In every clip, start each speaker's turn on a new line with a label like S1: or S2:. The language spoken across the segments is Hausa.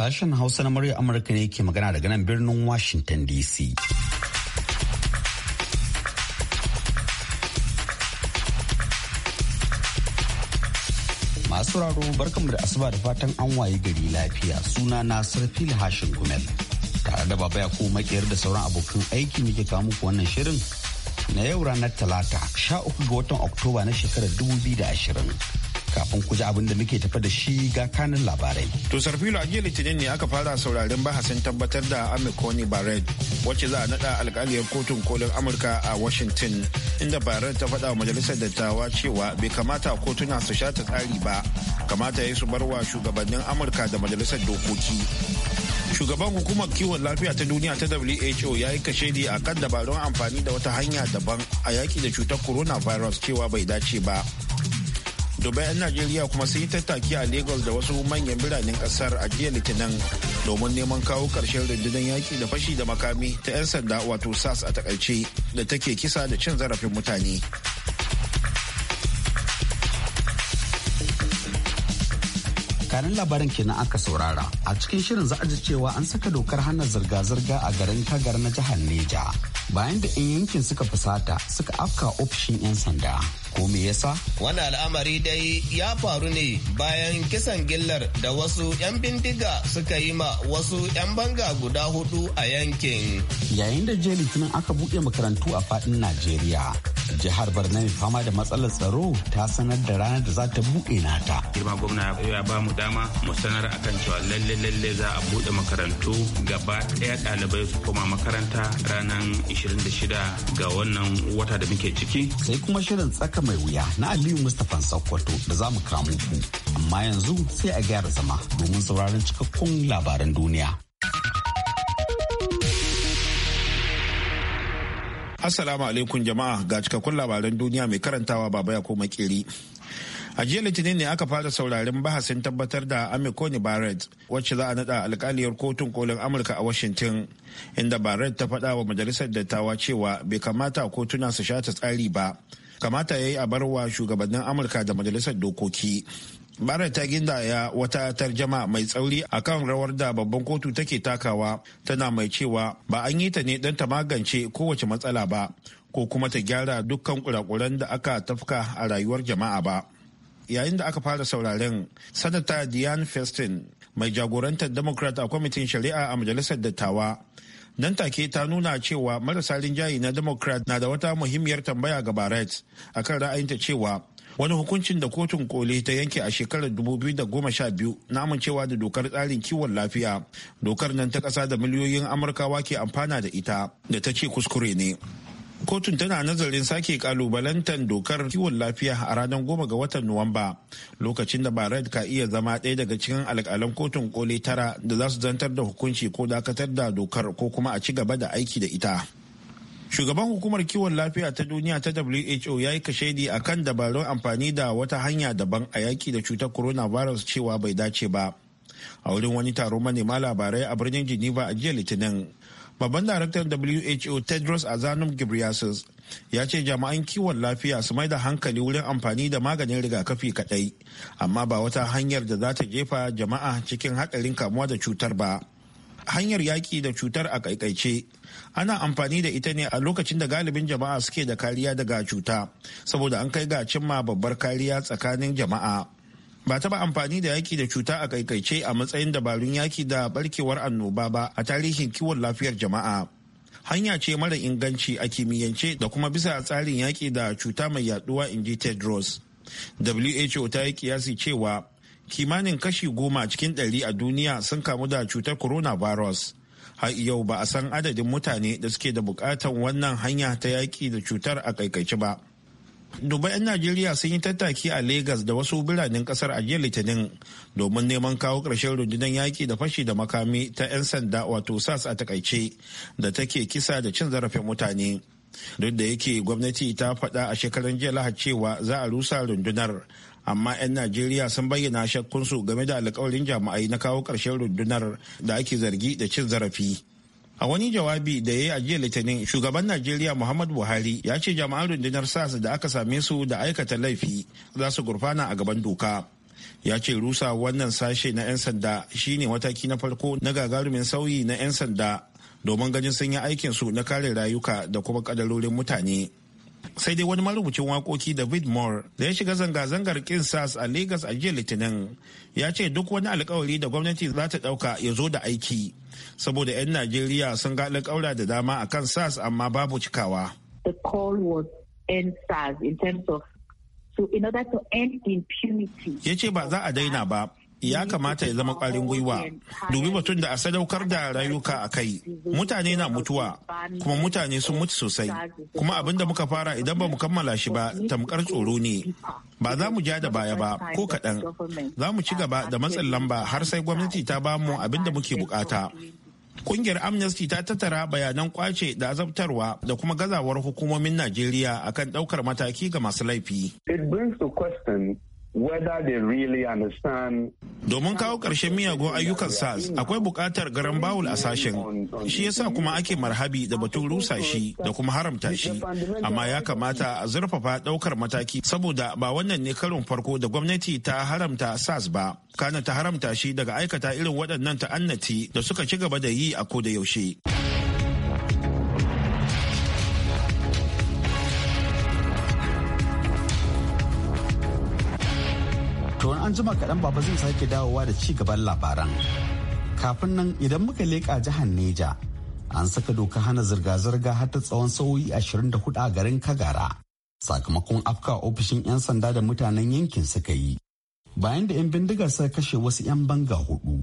S1: Sashen Hausa na murya Amurka ne ke magana daga nan birnin Washington DC. Masu raro barkanmu da asuba da fatan an waye gari lafiya suna na Sarfil Hashin Gumel. Tare da baba ya ko makiyar da sauran abokan aiki muke kawo muku wannan shirin na yau ranar talata 13 ga watan Oktoba na shekarar 2020. kafin ku abin da muke tafa da shi ga kanin labarai.
S2: To Sarfilo a jiya Litinin ne aka fara sauraren bahasin tabbatar da Amikoni Barrett wacce za a nada alkaliyar kotun kolin Amurka a Washington inda Barrett ta faɗa wa majalisar dattawa cewa bai kamata kotuna su shata tsari ba kamata ya su bar wa shugabannin Amurka da majalisar dokoki. Shugaban hukumar kiwon lafiya ta duniya ta WHO ya yi kashedi a kan dabarun amfani da wata hanya daban a yaki da cutar coronavirus cewa bai dace ba. dubai 'yan najeriya kuma sun yi tattaki a lagos da wasu manyan biranen kasar a jiya litinin domin neman kawo karshen rundunar yaki da fashi da makami ta 'yan sanda wato sas a takaice da take kisa da cin zarafin mutane
S1: kanin labarin kenan aka saurara a cikin shirin za a ji cewa an saka dokar hana zirga-zirga a garin kagar na jihar neja bayan da 'yan yankin suka fusata suka afka ofishin 'yan sanda ko me yasa?
S3: Wani al'amari dai ya faru ne bayan kisan gillar da wasu 'yan bindiga suka yi ma wasu 'yan banga guda hudu a yankin.
S1: Yayin da jiya litinin aka buɗe makarantu a faɗin Najeriya. Jihar Barna fama da matsalar tsaro ta sanar da ranar da za ta buɗe nata.
S4: Girma gwamna ya ba mu dama mu sanar a kan cewa lalle lalle za a buɗe makarantu gaba ɗaya ɗalibai su koma makaranta
S1: ranar 26 ga wannan wata da muke ciki. Sai kuma shirin tsaka mai wuya na Aliyu Mustapha Sokoto da za mu kamo ku. Amma yanzu sai a gyara zama domin sauraron cikakkun labaran duniya.
S2: Assalamu alaikum jama'a ga cikakkun labaran duniya mai karantawa baba ya koma kiri. a jiya litinin ne aka fara saurarin bahasin tabbatar da amikoni barrett wacce za a nada alkaliyar kotun kolin amurka a washington inda barrett ta faɗa wa majalisar dattawa cewa bai kamata kotuna su shata tsari ba kamata ya yi a bar wa shugabannin amurka da majalisar dokoki bara ta gindaya wata tarjama mai tsauri a kan rawar da babban kotu take takawa tana mai cewa ba an yi ta ne dan ta magance kowace matsala ba ko kuma ta gyara dukkan kurakuran da aka tafka a rayuwar jama'a ba yayin da aka fara sauraren sanata diane festin mai jagorantar democrat a kwamitin shari'a a majalisar dattawa nan take ta nuna cewa marasa rinjaye na democrat na da wata muhimmiyar tambaya ga barrett akan ra'ayinta cewa wani hukuncin da kotun koli ta yanke a shekarar 2012 na amincewa da dokar tsarin kiwon lafiya dokar nan ta kasa da miliyoyin amurkawa ke amfana da ita da ta ce kuskure ne kotun tana nazarin sake kalubalantar dokar kiwon lafiya a ranar goma ga watan nuwamba lokacin da barad ka iya zama ɗaya daga cikin alƙalan kotun koli tara da za su zantar da hukunci ko dakatar da dokar ko kuma a ci gaba da aiki da ita shugaban hukumar kiwon lafiya ta duniya ta who ya yi kashedi a kan dabarun amfani da wata hanya daban a yaki da cutar coronavirus cewa bai dace ba a wurin wani taron manema labarai a birnin geneva a jiya litinin Babban daraktan WHO Tedros azanum Ghebreyesus ya ce jama'an kiwon lafiya su mai da hankali wurin amfani da maganin rigakafi kadai, amma ba wata hanyar da za ta jefa jama'a cikin haɗarin kamuwa da cutar ba. Hanyar yaƙi da cutar a kaikaice ana amfani da ita ne a lokacin da galibin jama'a suke da kariya daga cuta, saboda an kai ga cimma babbar kariya tsakanin jama'a. ba taɓa amfani da yaki da cuta a kaikaice a matsayin dabarun yaki da barkewar annoba ba a tarihin kiwon lafiyar jama'a hanya ce mara inganci a kimiyyance da kuma bisa tsarin yaki da cuta mai yaduwa ji tedros who ta yi kiyasi cewa kimanin kashi goma cikin ɗari a duniya sun kamu da cutar coronavirus har yau ba a san adadin mutane da suke da bukatan wannan hanya ta yaki da cutar a kaikaice ba dubai 'yan najeriya sun yi tattaki a Legas da wasu biranen kasar a jiya litinin domin neman kawo ƙarshen rundunar yaƙi da fashi da makami ta 'yan sanda wato sas a takaice da take kisa da cin zarafin mutane duk da yake gwamnati ta faɗa a shekarun jiya lahad cewa za a rusa rundunar amma 'yan najeriya sun bayyana shakkunsu game da alƙawarin jami'ai na kawo ƙarshen rundunar da ake zargi da cin zarafi A wani jawabi da ya yi a jiya Litinin, shugaban Najeriya Muhammadu Buhari ya ce jama'an rundunar SAS da aka same su da aikata laifi za su gurfana a gaban doka. Ya ce rusa wannan sashe na 'yan sanda shine mataki na farko na gagarumin sauyi na 'yan sanda domin ganin sun yi su na kare rayuka da kuma kadarorin mutane. sai dai wani marubucin wakoki david moore da ya shiga zanga-zangar kin sas a Legas a jiya litinin ya ce duk wani alkawari da gwamnati za ta dauka ya zo da aiki saboda 'yan Najeriya sun ga alƙawura da dama a kan SARS amma babu cikawa.
S3: The call was end SARS in terms of to in order to end impunity.
S2: Ya ce ba za a daina ba, ya kamata ya zama ƙwarin gwiwa dubi batun da a sadaukar da rayuka a kai mutane na mutuwa kuma mutane sun mutu sosai kuma abin da muka fara idan ba mu kammala shi ba tamkar tsoro ne ba za mu ja da baya ba ko kaɗan za mu ci gaba da matsin lamba har sai gwamnati ta ba mu abin da muke bukata Kungiyar Amnesty ta tattara bayanan kwace da azabtarwa da kuma gazawar hukumomin Najeriya akan ɗaukar mataki ga masu laifi. It brings to question whether Domin kawo ƙarshen miyagun ayyukan SARS akwai buƙatar garan bawul a sashen. Shi yasa kuma ake marhabi da batun rusa shi da kuma haramta shi. Amma ya kamata a zurfafa ɗaukar mataki saboda ba wannan ne karin farko da gwamnati ta haramta SARS ba. Kana ta haramta shi daga aikata irin waɗannan ta'annati da suka ci gaba da yi a koda yaushe.
S1: an jima kaɗan baba zai sake dawowa da ci gaban labaran kafin nan idan muka leƙa jihar neja an saka doka hana zirga-zirga har ta tsawon sauyi hudu a garin kagara sakamakon afka ofishin 'yan sanda da mutanen yankin suka yi bayan da 'yan bindigar suka kashe wasu 'yan banga hudu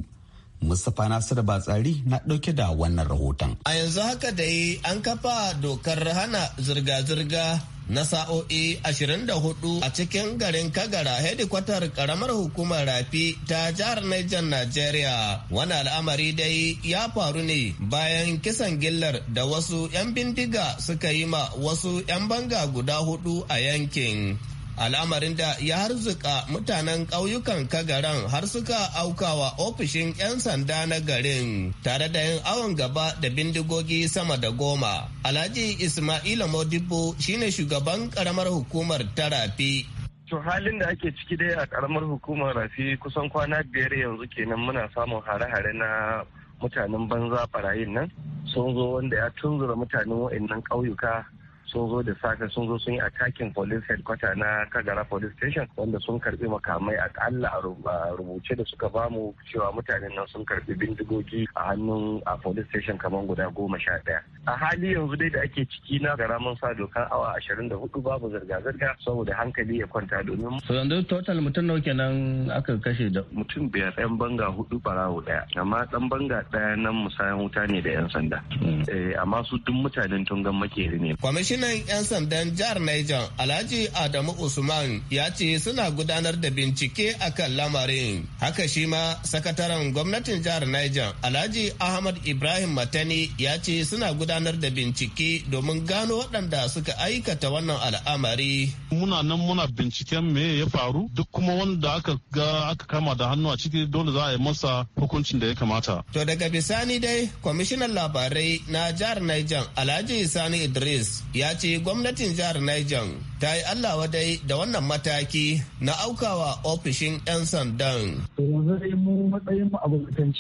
S1: Mustapha Nasiru Batsari na ɗauke da wannan rahoton.
S3: A yanzu haka dai an kafa dokar hana zirga-zirga na sa'o'i 24 a cikin garin Kagara hedikwatar karamar hukumar rafi ta jihar Niger Najeriya. Wani al'amari dai ya faru ne bayan kisan gillar da wasu 'yan bindiga suka yi ma wasu 'yan banga guda hudu a yankin. al'amarin da ya harzuka mutanen ƙauyukan kagaran har suka aukawa ofishin 'yan sanda na garin tare da yin awon gaba da bindigogi sama da goma alhaji ismaila modibo shine shugaban karamar hukumar tarafi to halin da ake ciki dai a karamar hukumar rafi kusan kwana biyar yanzu kenan muna
S5: samun hare-hare na mutanen banza barayin nan sun zo wanda ya tunzura mutanen wa'annan ƙauyuka sun zo da safe sun zo sun yi a attacking police headquarter na kagara police station wanda sun karbi makamai akalla a rubuce da suka bamu cewa mutanen nan sun karbi bindigogi a hannun a police station kamar guda goma sha daya a hali yanzu dai da ake ciki na garamin sa dokar awa ashirin da hudu babu zirga-zirga saboda hankali ya kwanta domin
S3: so yanzu total mutum nawa kenan aka kashe da mutum biyar ɗan banga hudu barawo
S4: daya amma ɗan banga daya nan musayan wuta ne da yan sanda hmm. eh, amma su duk mutanen tungan makeri ne
S3: kwamishinan yan sandan jihar Niger Alhaji Adamu Usman ya ce suna gudanar da bincike akan lamarin haka shi ma sakataren gwamnatin jihar Niger Alhaji Ahmad Ibrahim Matani ya ce suna gudanar gudanar da bincike domin gano waɗanda suka aikata wannan al'amari. Muna nan muna binciken
S4: me ya faru duk kuma wanda aka ga aka kama da hannu a ciki dole za a yi masa hukuncin da ya kamata.
S3: To daga bisani dai kwamishinan labarai na jihar Niger Alhaji Sani Idris ya ce gwamnatin jihar Niger ta yi Allah wadai da wannan mataki na aukawa ofishin 'yan sandan.
S6: matsayin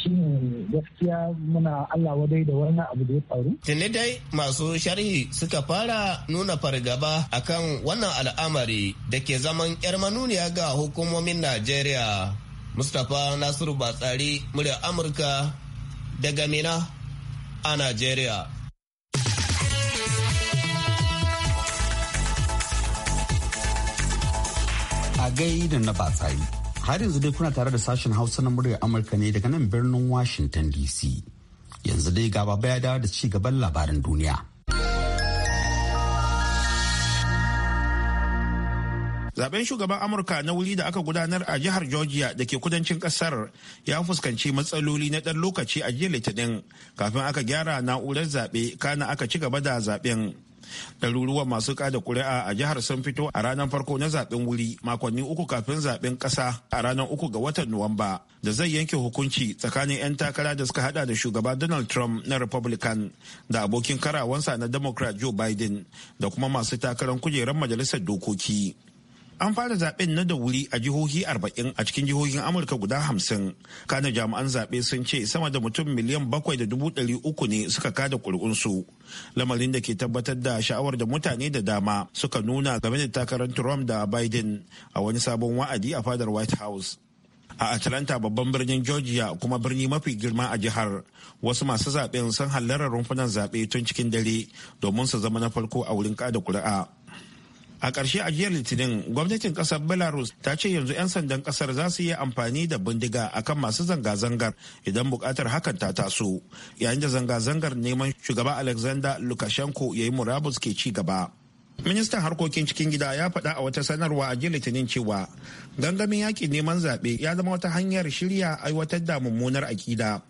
S6: shi ne gaskiya muna Allah wadai da wannan abu da ya faru? Tuni dai
S3: masu sharhi suka fara nuna fargaba akan wannan al'amari da ke zaman 'yar manuniya ga hukumomin Najeriya. Mustapha Nasiru Batsari, murya Amurka daga Mina a Najeriya.
S1: a gaida na batsari har yanzu dai kuna tare da sashen hausa na muryar amurka ne daga nan birnin washington dc yanzu dai gaba baya dawo da ci gaban labaran duniya.
S2: zaben shugaban amurka na wuri da aka gudanar a jihar georgia da ke kudancin kasar ya fuskanci matsaloli na ɗan lokaci a jiya litinin kafin aka gyara na'urar zaɓe kana aka ci gaba da zaɓen ɗaruruwan masu kada kuri'a a jihar sun fito a ranar farko na zaben wuri makonni uku kafin zaben ƙasa a ranar uku ga watan nuwamba da zai yanke hukunci tsakanin 'yan takara da suka hada da shugaba donald trump na republican da abokin karawansa na democrat joe biden da kuma masu takarar kujerar majalisar dokoki an fara zaben na da wuri a jihohi 40 a cikin jihohin amurka guda 50 kana jami'an zaɓe sun ce sama da mutum miliyan bakwai da dubu ɗari uku ne suka kada ƙuri'unsu lamarin da ke tabbatar da sha'awar da mutane da dama suka nuna game da takarar trump da biden a wani sabon wa'adi a fadar white house a atlanta babban birnin georgia kuma birni mafi girma a jihar wasu masu zaɓen sun halarar rumfunan zaɓe tun cikin dare domin su zama na farko a wurin kada kuri'a a ƙarshe a jiya litinin gwamnatin ƙasar belarus ta ce yanzu 'yan sandan ƙasar za su yi amfani da bindiga akan masu zanga-zangar idan buƙatar hakan ta taso yayin da zanga-zangar neman shugaba alexander lukashenko ya yi murabus ke ci gaba ministan harkokin cikin gida ya faɗa a wata sanarwa a jiya litinin cewa gangamin yakin neman zaɓe ya zama wata hanyar shirya aiwatar da mummunar aƙida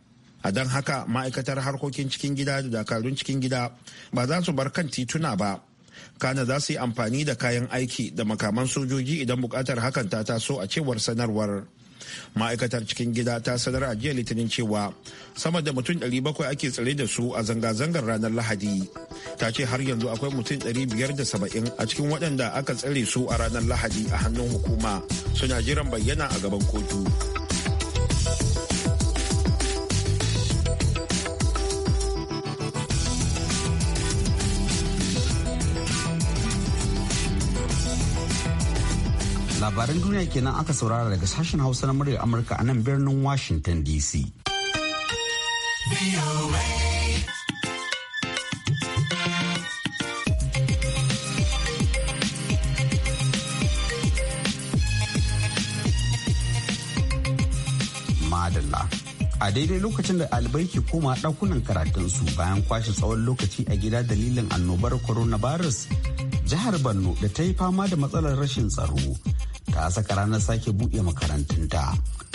S2: a don haka ma'aikatar harkokin cikin gida da dakarun cikin gida ba za su bar kan tituna ba kana za su yi amfani da kayan aiki da makaman sojoji idan bukatar hakan ta taso a cewar sanarwar ma'aikatar cikin gida ta sanar a jiya litinin cewa sama da mutum 700 ake tsare da su a zanga-zangar ranar lahadi ta ce har yanzu akwai mutum 570 a cikin waɗanda aka tsare su a ranar lahadi a hannun hukuma suna jiran bayyana a gaban kotu.
S1: labaran duniya kenan aka saurara daga sashen hausa na muryar amurka a nan birnin washington dc a daidai lokacin da ɗalibai ke koma ɗakunan karatunsu bayan kwashe tsawon lokaci a gida dalilin annobar coronavirus jihar borno da ta yi fama da matsalar rashin tsaro ta saka ranar sake buɗe makarantunta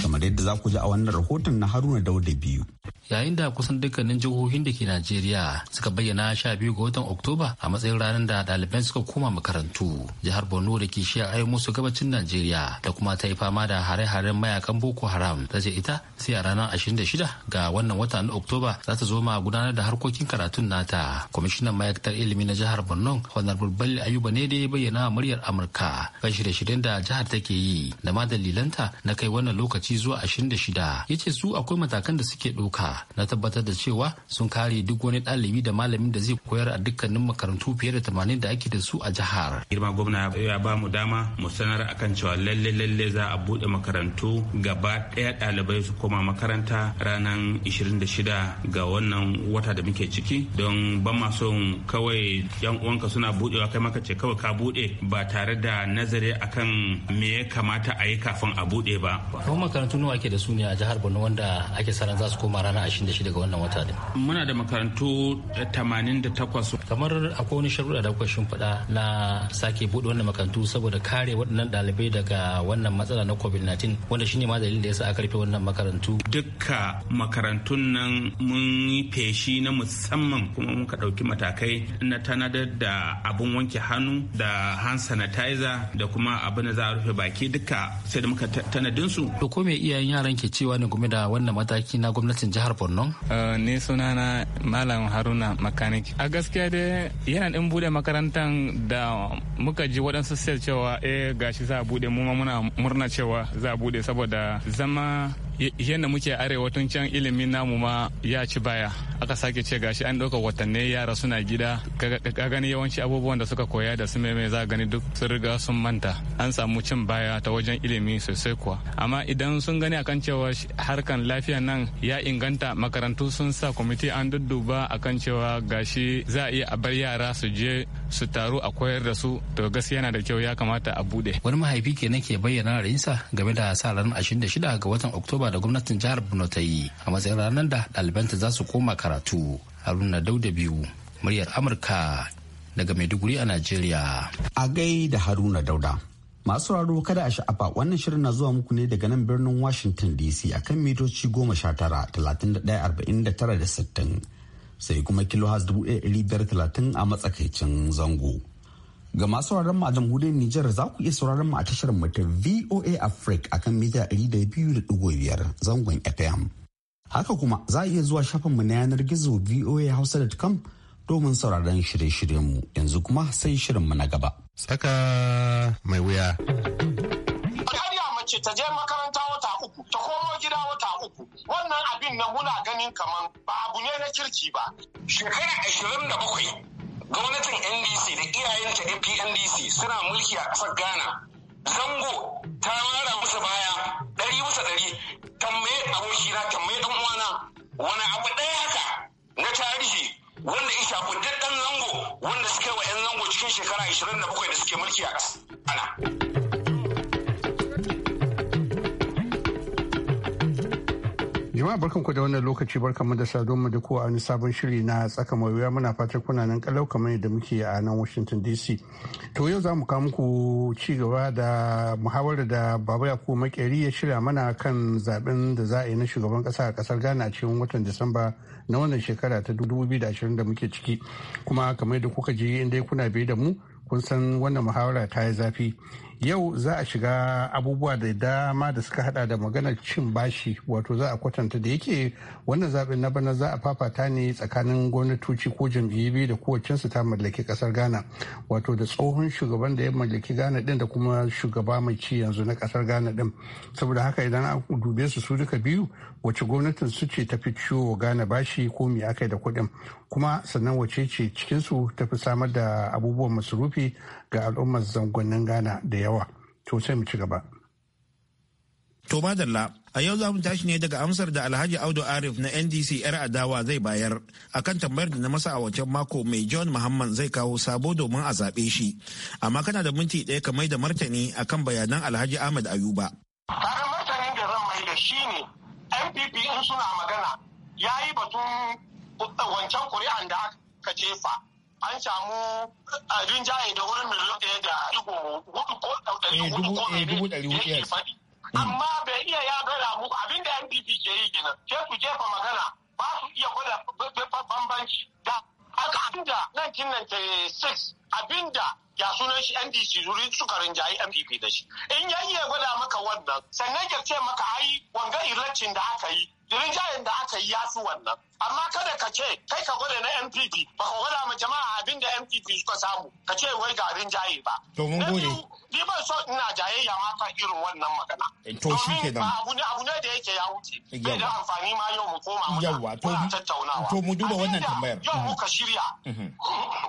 S1: kamar yadda za ku ji a wannan rahoton
S6: na haruna dauda biyu yayin da kusan dukkanin jihohin da ke najeriya suka bayyana sha biyu ga watan oktoba a matsayin ranar da ɗaliban suka koma makarantu jihar borno da ke shi ayo musu gabacin najeriya da kuma ta yi fama da hare-haren mayakan boko haram ta ce ita sai a ranar 26 ga wannan watan na oktoba za ta zo ma gudanar da harkokin karatun nata kwamishinan ma'aikatar ilimi na jihar borno honorable balli ayuba ne da ya bayyana muryar amurka kan shirye-shiryen da jihar take yi da ma dalilanta na kai wannan lokaci zuwa 26 ya ce su akwai matakan da suke ɗauka na tabbatar da cewa sun kare duk wani ɗalibi da malamin da zai koyar a dukkanin makarantu fiye da tamanin da ake da su a jihar.
S4: Girma gwamna ya ba mu dama mu sanar a kan cewa lalle lalle za a buɗe makarantu gaba ɗaya ɗalibai su koma makaranta ranar 26 ga wannan wata da muke ciki don ban ma son kawai yan uwanka suna buɗewa kai maka ce kawai ka buɗe ba tare da nazari akan me ya kamata a yi kafin a buɗe ba.
S6: Kuma makarantu nawa ake da su ne a jihar Borno wanda ake sanar za su koma ranar ranar 26 ga wannan wata din muna da makarantu 88 kamar akwai wani sharuɗa da kuka shimfiɗa na sake buɗe wannan makarantu saboda kare waɗannan ɗalibai daga wannan matsala na covid-19 wanda shine ma dalilin da yasa aka rufe wannan makarantu
S4: dukka makarantun nan mun yi feshi na musamman kuma muka ɗauki matakai na tanadar da abun wanke hannu da hand sanitizer da kuma abin da za a rufe baki duka sai da muka tanadin
S6: to ko me iyayen yaran ke cewa ne game da wannan mataki na gwamnatin jihar borno eh, ni
S4: sunana malam haruna makaniki a gaskiya dai yana ɗin bude makarantar da muka ji waɗansu sel cewa eh gashi za a bude mu muna murna cewa za a bude saboda zama yadda muke arewa tun can ilimin namu ma ya ci baya aka sake ce gashi an ɗauka watanni yara suna gida ka gani yawanci abubuwan da suka koya da su mai za gani duk sun riga sun manta an samu cin baya ta wajen ilimi sosai kuwa amma idan sun gani akan cewa harkan lafiya nan ya inganta makarantu sun sa kwamiti an dudduba akan cewa gashi za a iya a bar yara su je su taru a koyar da su to gaskiya yana da kyau ya kamata a bude
S6: wani mahaifi ke nake bayyana ra'ayinsa game da sa ranar 26 ga watan oktoba da gwamnatin jihar borno ta yi a matsayin ranar da ɗalibanta za su koma karatu haruna dauda biyu muryar amurka daga maiduguri a najeriya a gai da haruna dauda
S1: masu raro kada a sha'afa wannan shirin na zuwa muku ne daga nan birnin washington dc akan mitoci goma sha tara talatin da ɗaya arba'in da tara da sittin sai kuma kilo biyar talatin a matsakaicin zango. Ga masu sauraron mu a jamhuriyar Nijar za ku iya sauraron mu a tashar mu ta VOA Africa akan mita 200.5 zangon FM. Haka kuma za a iya zuwa shafin mu na yanar gizo hausa da voahausa.com domin sauraron shirye-shiryen mu yanzu kuma sai shirin mu na gaba. saka mai wuya. ce ta je makaranta wata uku ta komo gida wata
S5: uku wannan abin na muna ganin kamar ba abu ne na kirki ba shekara ashirin da bakwai gwamnatin ndc da iyayenta apndc suna mulki a ƙasar ghana zango ta mara musu baya ɗari musu ɗari tambaye abokina tambaye ɗan uwana wani abu ɗaya haka na tarihi wanda ya shafi duk ɗan zango wanda suka wa 'yan zango cikin shekara 27 da suke mulki a ƙasa.
S7: Jama'a barkan ku da wannan lokaci barkan mu da saduwa da kowa wani sabon shiri na tsaka mai wuya muna fatar kuna nan kalau kamar yadda muke a nan Washington DC. To yau za mu kawo muku ci gaba da muhawarar da Baba ku Makeri ya shirya mana kan zaben da za a yi na shugaban kasa a kasar Ghana a cikin watan Disamba na wannan shekara ta 2020 da muke ciki. Kuma kamar yadda kuka ji inda kuna biyu da mu kun san wannan muhawara ta yi zafi yau za a shiga abubuwa da dama da suka hada da maganar cin bashi wato za a kwatanta da yake wannan zaɓen na bana za a fafata ne tsakanin gwamnatoci ko jam'iyyu biyu da kowacensu ta mallaki ƙasar ghana wato da tsohon shugaban da ya mallaki ghana din da kuma shugaba mai ci yanzu na ƙasar ghana din saboda haka idan a dube su su duka biyu wace gwamnatin su ce tafi ciwo ghana bashi ko me aka yi da kuɗin kuma sannan wace ce cikinsu ta fi samar da abubuwan masurufi ga al'ummar zangonin ghana da yawa to sai mu ci gaba
S2: to madalla a yau za mu tashi ne daga amsar da alhaji audu arif na ndc yar adawa zai bayar akan tambayar da na masa a wancan mako mai john muhammad zai kawo sabo domin a zaɓe shi amma kana da minti ɗaya ka mai da martani akan bayanan alhaji ahmad ayuba martanin da zan mai npp in suna magana
S5: ya yi batun wancan kuri'an da aka jefa an samu rinjaye da wurin miliyan ɗaya da digo hudu ko ɗari eh, ko eh, ɗari hudu faɗi. Mm. Amma bai iya ya gara mu abin da NPP ke yi gina. Ke su jefa magana ba su iya gwada bambanci da haka abinda 1996 abinda ya sunan shi NDC zuri suka rinjayi MPP da shi. In ya iya gwada maka wannan sannan ya ce maka ai wanga election da aka yi rinjayen da aka yi yasu wannan amma kada ka ce kai ka gwada na npp ba ka gwada
S1: ma jama'a abin da npp suka samu ka ce wai ga rinjaye ba domin gode ni ban so ina jayayya
S2: ma kan irin wannan magana eh, to shi ke nan abu ne abu ne da yake ya wuce bai eh, da
S5: amfani ma yau mu koma
S3: muna yawa
S2: to
S3: to mu duba wannan tambayar yau mm-hmm. muka shirya mm-hmm.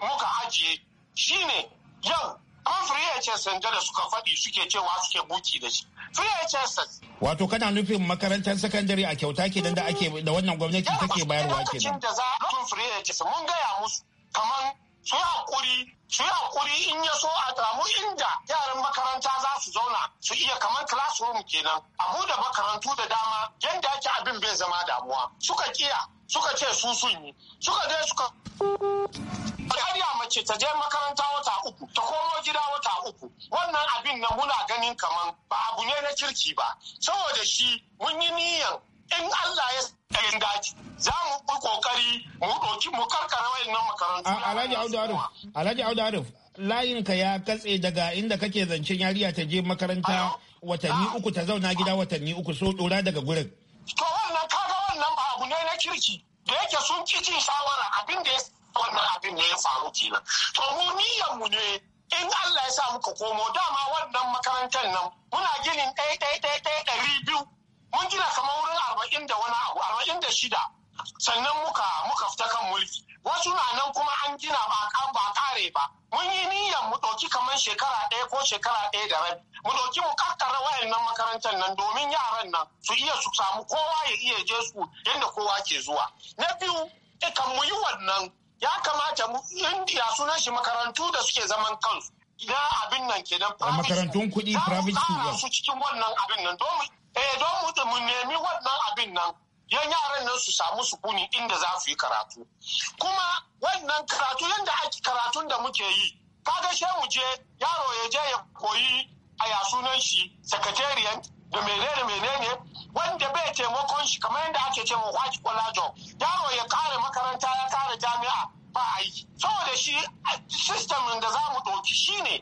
S5: muka ajiye shine yau an free HSS da suka faɗi suke cewa suke buki da shi free HSS
S2: wato kana nufin makarantar sakandare a kyauta kenan da ake da wannan gwamnati take bayarwa kenan lokacin da za
S5: a free HSS mun gaya musu kamar su hakuri su hakuri in ya so a damu inda yaran makaranta za su zauna su iya kamar classroom kenan abu da makarantu da dama yadda ake abin bai zama damuwa suka kiya suka ce su sun yi suka je suka ce ta je makaranta wata uku ta komo gida wata uku wannan abin na muna ganin kamar ba abu ne na kirki ba saboda shi mun yi niyan in Allah ya tsayin daji za mu bi kokari mu ɗauki mu karkara wayannan
S2: makaranta. Alhaji Audu Audu layinka ya katse daga inda kake zancen yariya ta je makaranta watanni ah. uku ta zauna gida watanni uku so dora daga gurin.
S5: To wannan kaga wannan ba abu ne na kirki da yake sun ki shawara abin da ya wannan abin ne ya faru kenan to mu niyyar mu ne in Allah ya sa muka komo dama wannan makarantar nan muna ginin ɗaya ɗaya ɗaya ɗaya ɗari biyu mun gina kamar wurin arba'in da wani abu arba'in da shida sannan muka muka fita kan mulki wasu na nan kuma an gina ba ba kare ba mun yi niyyar mu ɗauki kamar shekara ɗaya ko shekara ɗaya da rabi mu ɗauki mu kakkara wayannan makarantar nan domin yaran nan su iya su samu kowa ya iya je su yadda kowa ke zuwa na biyu kan mu yi wannan ya kamata mu indiya sunan shi makarantu da suke zaman kansu ina abin nan ke A makarantun kuɗi private school Ya su cikin wannan abin nan don eh don mu nemi wannan abin nan yan yaran nan su samu sukuni inda za su yi karatu kuma wannan karatu yadda ake karatun da muke yi kaga she mu je yaro ya je ya koyi a ya sunan shi secretariat da menene menene wanda bai taimakon shi kamar yadda ake ce mu kwaci kwalajo system da za mu ɗauki shine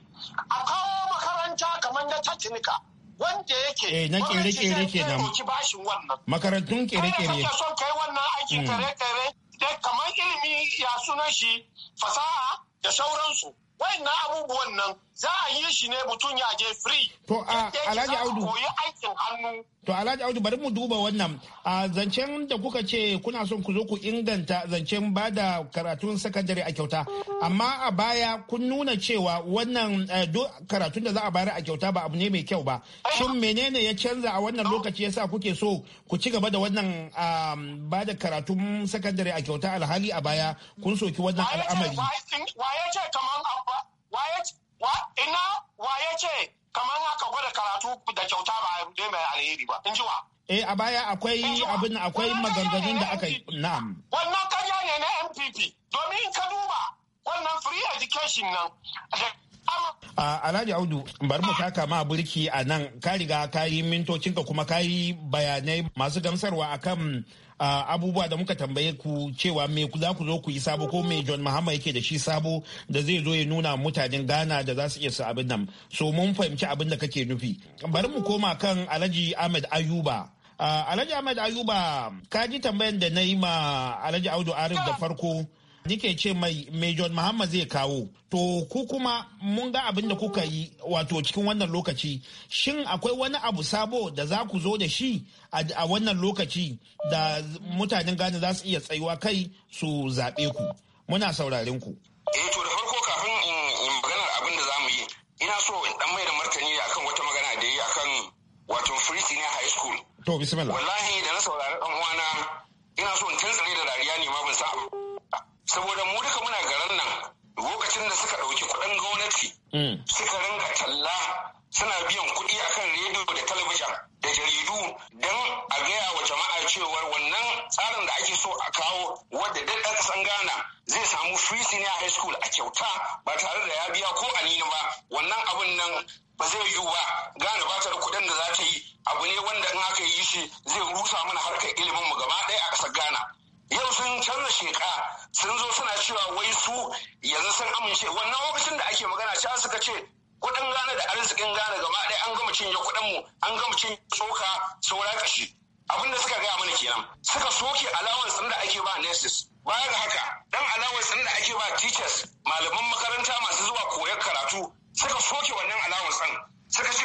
S5: a kawo makaranta kamar na technical wanda yake eh na kere-kere kenan bashin wannan makarantun kere-kere ya son kai wannan aikin mm. kare-kare da kamar ilimi ya suna shi fasaha da sauransu wayannan abubuwan nan za a yi shi ne mutum ya je free. To a Alhaji Audu. koyi
S2: aikin hannu. To Alhaji Audu bari mu duba wannan. A zancen da kuka ce kuna son ku zo ku inganta zancen ba da karatun sakandare a kyauta. Amma a baya kun nuna cewa wannan eh, duk karatun da za a bayar a kyauta ba abu ne mai kyau ba. Shin menene ya canza a wannan lokaci yasa kuke so ku ci gaba da wannan ba da karatun sakandare a kyauta alhali a baya kun soki wannan al'amari.
S5: ya ce kaman waye wa ina wa ya ce kamar haka gwada karatu da kyauta ba dai mai alheri ba in ji wa
S2: Eh a baya akwai abin akwai maganganun da aka yi na'am.
S5: Wannan karya ne na MPP domin ka duba wannan free education nan
S2: Uh, Alhaji Audu bari mu taka ma burki a nan ka riga ka yi mintocinka kuma ka yi bayanai masu gamsarwa akan abubuwa da muka tambaye ku cewa me za ku zo ku yi sabo ko me John Mahama yake da shi sabo da zai zo ya nuna mutanen Ghana da za su iya su abin nan so mun fahimci abin da kake nufi bari mu koma kan Alhaji Ahmed Ayuba Alhaji Ahmed Ayuba ka ji tambayan da na yi ma Alhaji Audu Arif da farko nike ce mai john Muhammad zai kawo. To ku kuma mun ga abin da kuka yi wato cikin wannan lokaci. Shin akwai wani abu sabo da za ku zo da shi a wannan lokaci da mutanen gane za su iya tsayuwa kai su zaɓe ku. Muna saurarin ku. Eh, to da farko kafin in maganar abin da za yi ina so in dan mai da
S3: martani akan wata magana da yi akan wato free senior high school. To Wallahi da na saurari dan uwana ina so in tantsare da dariya ne ma ban san
S4: saboda mu duka muna garin nan lokacin da suka ɗauki kuɗin gwamnati mm. suka ringa talla suna biyan kuɗi akan rediyo da
S5: talabijin da jaridu don a gaya wa jama'a cewar wannan tsarin da ake so a kawo wadda duk ɗan ƙasan Ghana zai samu free senior high school a kyauta ba tare da ya biya ko anini ba wannan abun nan ba zai yiwu ba Ghana ba ta da kuɗin da za ta yi abu ne wanda in aka yi shi zai rusa mana harkar ilimin mu gaba ɗaya a ƙasar Ghana. yau sun canza sheka sun zo suna cewa wai su yanzu sun amince wannan lokacin da ake magana can suka ce kudin gane da arzikin gane gaba ɗaya an gama cinye kudin mu an gama cinye tsoka saura kashi abin da suka gaya mana kenan suka soke allowance da ake ba nurses baya ga haka dan allowance da ake ba teachers malaman makaranta masu zuwa koyar karatu suka soke wannan allowance suka ce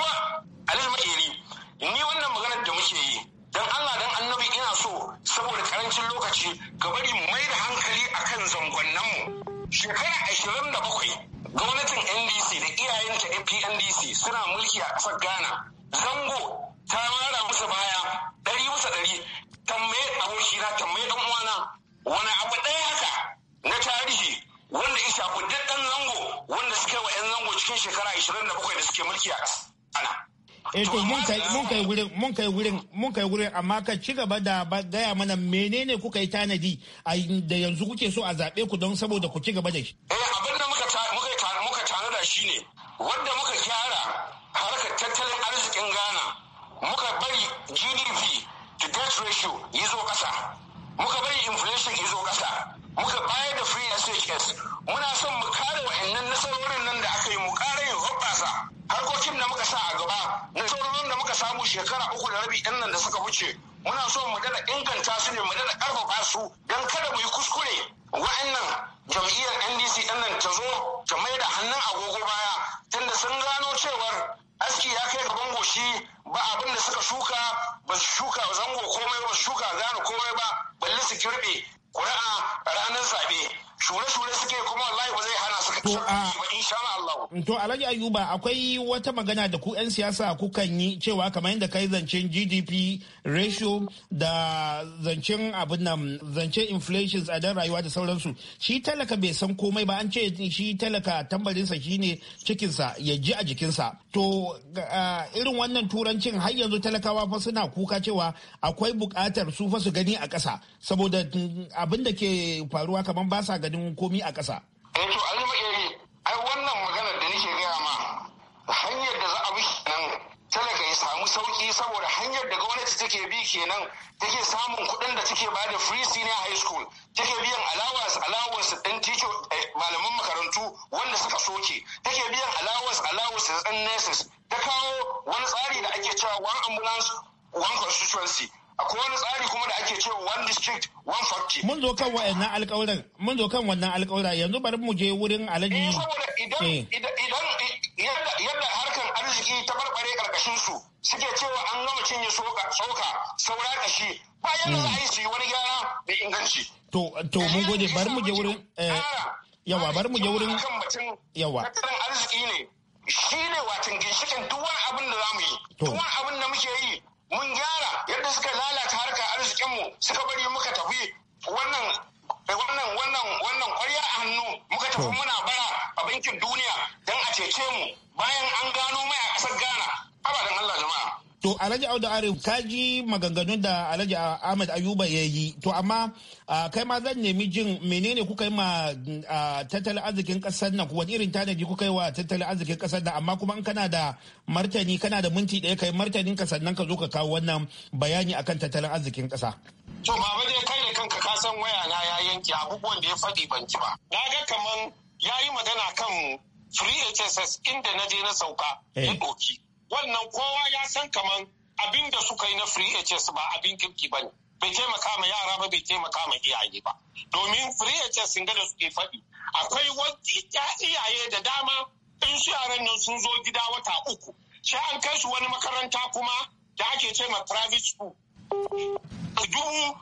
S5: kuma alal makeri ni wannan maganar da muke yi dan Allah dan annabi ina so saboda karancin lokaci ka bari mu mai da hankali akan zangonnan mu shekara 27 gwamnatin NDC da iyayenta APNDC suna mulki a ƙasar Ghana zango ta mara musu baya ɗari musu ɗari tambaye abokina tambaye ɗan uwana wani abu ɗaya haka na tarihi wanda ya shafi daɗɗan zango wanda suka yi wa 'yan zango cikin shekara 27 da suke mulki a kasar
S2: eh to mun kai mun kai wurin mun kai mun kai amma ka ci gaba da gaya mana menene kuka yi tanadi da yanzu kuke so a zaɓe ku don saboda ku ci gaba da shi eh
S5: abin da muka muka muka tanada shine wanda muka gyara harkar tattalin arzikin Ghana muka bari GDP to debt ratio yizo zo ƙasa muka bari inflation yizo zo ƙasa muka bayar da free SHS muna son mu kare wa'annan nasarorin nan da aka yi mu kare yin ƙasa harkokin da muka sa a gaba na sauran da muka samu shekara uku da rabi ɗin nan da suka wuce muna so mu dana inganta su ne mu dana ƙarfafa su don kada mu yi kuskure wa'annan jam'iyyar ndc ɗin nan ta zo ta mai da hannun agogo baya tunda sun gano cewar aski ya kai gaban goshi ba abin da suka shuka ba su shuka zango komai ba su shuka gane komai ba balle su kirɓe ƙuri'a ranar zaɓe shure-shure suke kuma wallahi ba zai
S2: hana su to ba insha Allah to Alhaji Ayuba akwai wata magana da ku 'yan siyasa kukan yi cewa kamar yadda kai zancen GDP ratio da zancen abin nan zancen inflation tsadar rayuwa da sauransu shi talaka bai san komai ba an ce shi talaka tambarinsa shine cikinsa ya ji a jikinsa to irin wannan turancin har yanzu talakawa fa suna kuka cewa akwai bukatar su fa su gani a ƙasa saboda mm, abin da ke faruwa kamar ba sa gani ganin komi a ƙasa. Eh
S5: to ai makeri ai wannan maganar da nake gaya ma hanyar da za a ya samu sauki saboda hanyar da gwamnati take bi kenan take samun kuɗin da take bada free senior high school take biyan allowance allowance ɗin teacher eh, malaman makarantu wanda suka soke take biyan allowance allowance ɗin nurses ta kawo wani tsari da ake cewa one ambulance one constituency akwai wani tsari kuma da ake cewa one district
S2: one factory mun zo kan wannan alƙawarin mun zo kan wannan alƙawarin yanzu bari mu je wurin alaji eh, idan eh. yadda harkan
S5: arziki ta barbare karkashin su suke cewa an gama cinye soka soka saura kashi
S2: bayan za a yi
S5: su yi wani gyara da inganci
S2: to to mun gode bari mu je wurin eh, yawa bari mu je wurin
S5: yawa tattalin arziki ne shi ne watan ginshikin duk wani abin da za mu
S2: yi duk wani abin da muke yi mun gyara yadda suka lalata harkar arzikinmu suka bari
S3: muka tafi wannan wannan wannan wannan kwarya a hannu muka tafi
S5: muna bara a bankin duniya don a cece mu bayan an gano mai a ƙasar ghana abadan allah
S2: jama'a To Alhaji Audu Arif ka ji maganganun da Alhaji Ahmad Ayuba ya yi. To amma kai ma zan nemi jin menene kuka yi ma tattalin arzikin kasar nan kuwa irin tanadi kuka yi wa tattalin arzikin kasar nan amma kuma in kana da martani kana da minti ɗaya kai martanin ka sannan ka zo ka kawo wannan bayani akan tattalin arzikin kasa.
S5: To baba dai kai da kanka ka san waya na ya yanke abubuwan da ya faɗi ban ki ba. Na ga
S3: kaman ya yi magana kan free HSS inda na je na sauka eh. ya ɗoki.
S5: wannan kowa ya san kaman abin da suka yi na free hs ba abin kirki ba ne bai taimaka ma yara ba bai taimaka ma iyaye ba domin free hs sun da suke faɗi akwai wani iyaye da dama in su yaran nan sun zo gida wata uku sai an kai su wani makaranta kuma da ake ce ma private school dubu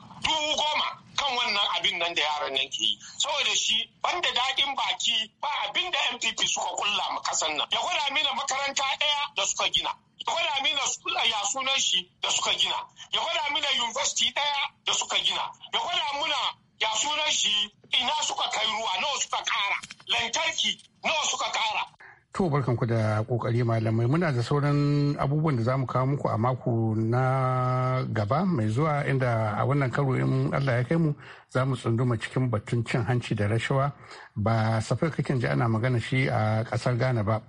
S5: goma kan wannan abin nan da yaran nan ke yi saboda shi banda daɗin baki ba abin da MPP suka kulla ma kasan nan ya gwada mina makaranta ɗaya da suka gina ya gwada mina ya sunan shi da suka gina ya gwada mina university ɗaya da suka gina ya gwada muna ya sunan shi ina suka kai ruwa nawa suka kara lantarki nawa suka
S7: kara To ku da kokari malamai muna da sauran abubuwan da za mu kawo muku a mako na gaba mai zuwa inda a wannan karo in Allah ya kai mu za mu tsunduma cikin batun cin hanci da rashawa ba safai kakin ji ana magana shi a kasar ghana ba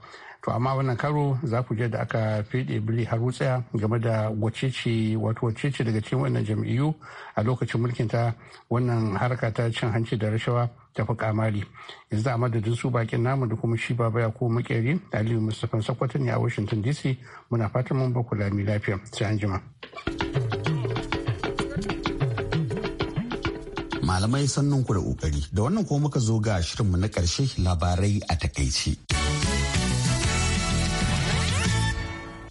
S7: to amma wannan karo za ku je da aka fiɗe bili har wutsaya game da wacece wato wacece daga cikin wannan jam'iyyu a lokacin mulkin ta wannan harka ta cin hanci da rashawa ta fi kamari yanzu a madadin su bakin namu da kuma shi baba ya ko makeri aliyu mustapha sakwato ne a washington dc muna fatan mun ba ku lami lafiya sai an jima.
S1: malamai sannan ku da kokari da wannan kuma muka zo ga shirinmu na karshe labarai a takaice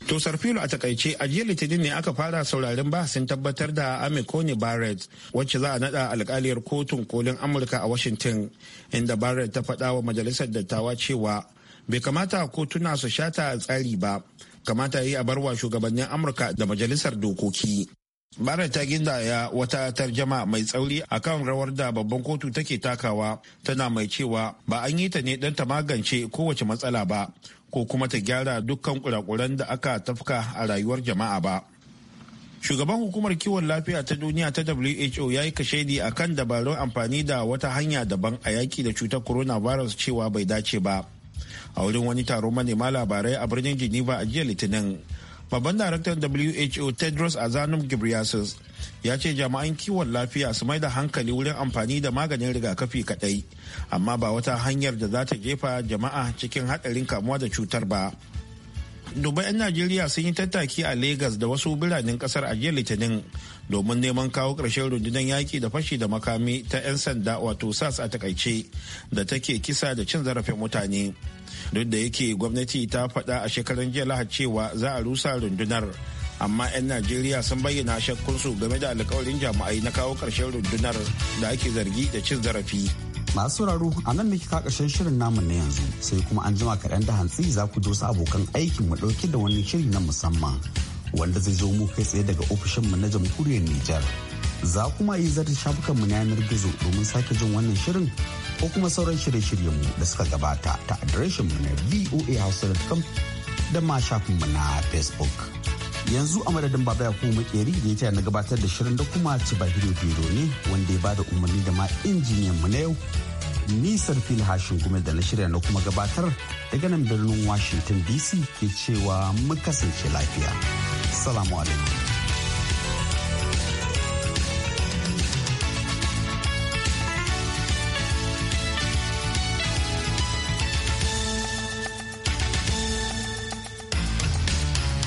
S2: To Sarfilo a takaice a jiya litinin ne aka fara sauraren bahasin tabbatar da Amy Coney Barrett wacce za a nada alkaliyar kotun kolin Amurka a Washington inda Barrett ta faɗa wa majalisar dattawa cewa bai kamata kotuna su shata tsari ba kamata yi a barwa shugabannin Amurka da majalisar dokoki. Bara ta gindaya wata tarjama mai tsauri akan rawar da babban kotu take takawa tana mai cewa ba an yi ta ne dan ta magance kowace matsala ba ko kuma ta gyara dukkan kurakuran da aka tafka a rayuwar jama'a ba. Shugaban hukumar kiwon lafiya ta duniya ta WHO ya yi kashedi a kan dabarun amfani da wata hanya daban a yaki da cutar coronavirus cewa bai dace ba. A wurin wani taron manema labarai a birnin Geneva a jiya Litinin. Babban daraktan WHO Tedros azanum Ghebreyesus ya ce jama'an kiwon lafiya su mai da hankali wurin amfani da maganin rigakafi kadai, amma ba wata hanyar da za ta jefa jama'a cikin hadarin kamuwa da cutar ba. Dubai 'yan Najeriya sun yi tattaki a Legas da wasu biranen kasar a jiya Litinin domin neman kawo ƙarshen rundunar yaƙi da fashi da makami ta 'yan sanda wato SAS a takaice da take kisa da cin zarafin mutane. duk da yake gwamnati ta faɗa a shekaran jiya lahad cewa za a rusa rundunar amma 'yan najeriya sun bayyana shakkunsu game da alkawarin jama'ai na kawo ƙarshen rundunar da ake zargi da cin zarafi
S1: masu sauraro a nan muke kakashin shirin namu na yanzu sai kuma an jima kaɗan da hantsi za ku dosa abokan aikin mu ɗauke da wani shiri na musamman wanda zai zo mu kai tsaye daga ofishinmu na jamhuriyar nijar za kuma yi zata shafukanmu na yanar gizo domin sake jin wannan shirin ko kuma sauran shirye shiryen mu da suka gabata ta mu na voahouse.com da ma shafinmu na facebook yanzu a madadin baba ya kuma makeri da ya na gabatar da shirin da kuma ci ba biro ne wanda ya bada umarni da ma injiniyan mu na yau nisar fil hashin kuma da na shirya na kuma gabatar daga nan birnin washington dc ke cewa mu kasance lafiya salamu alaikum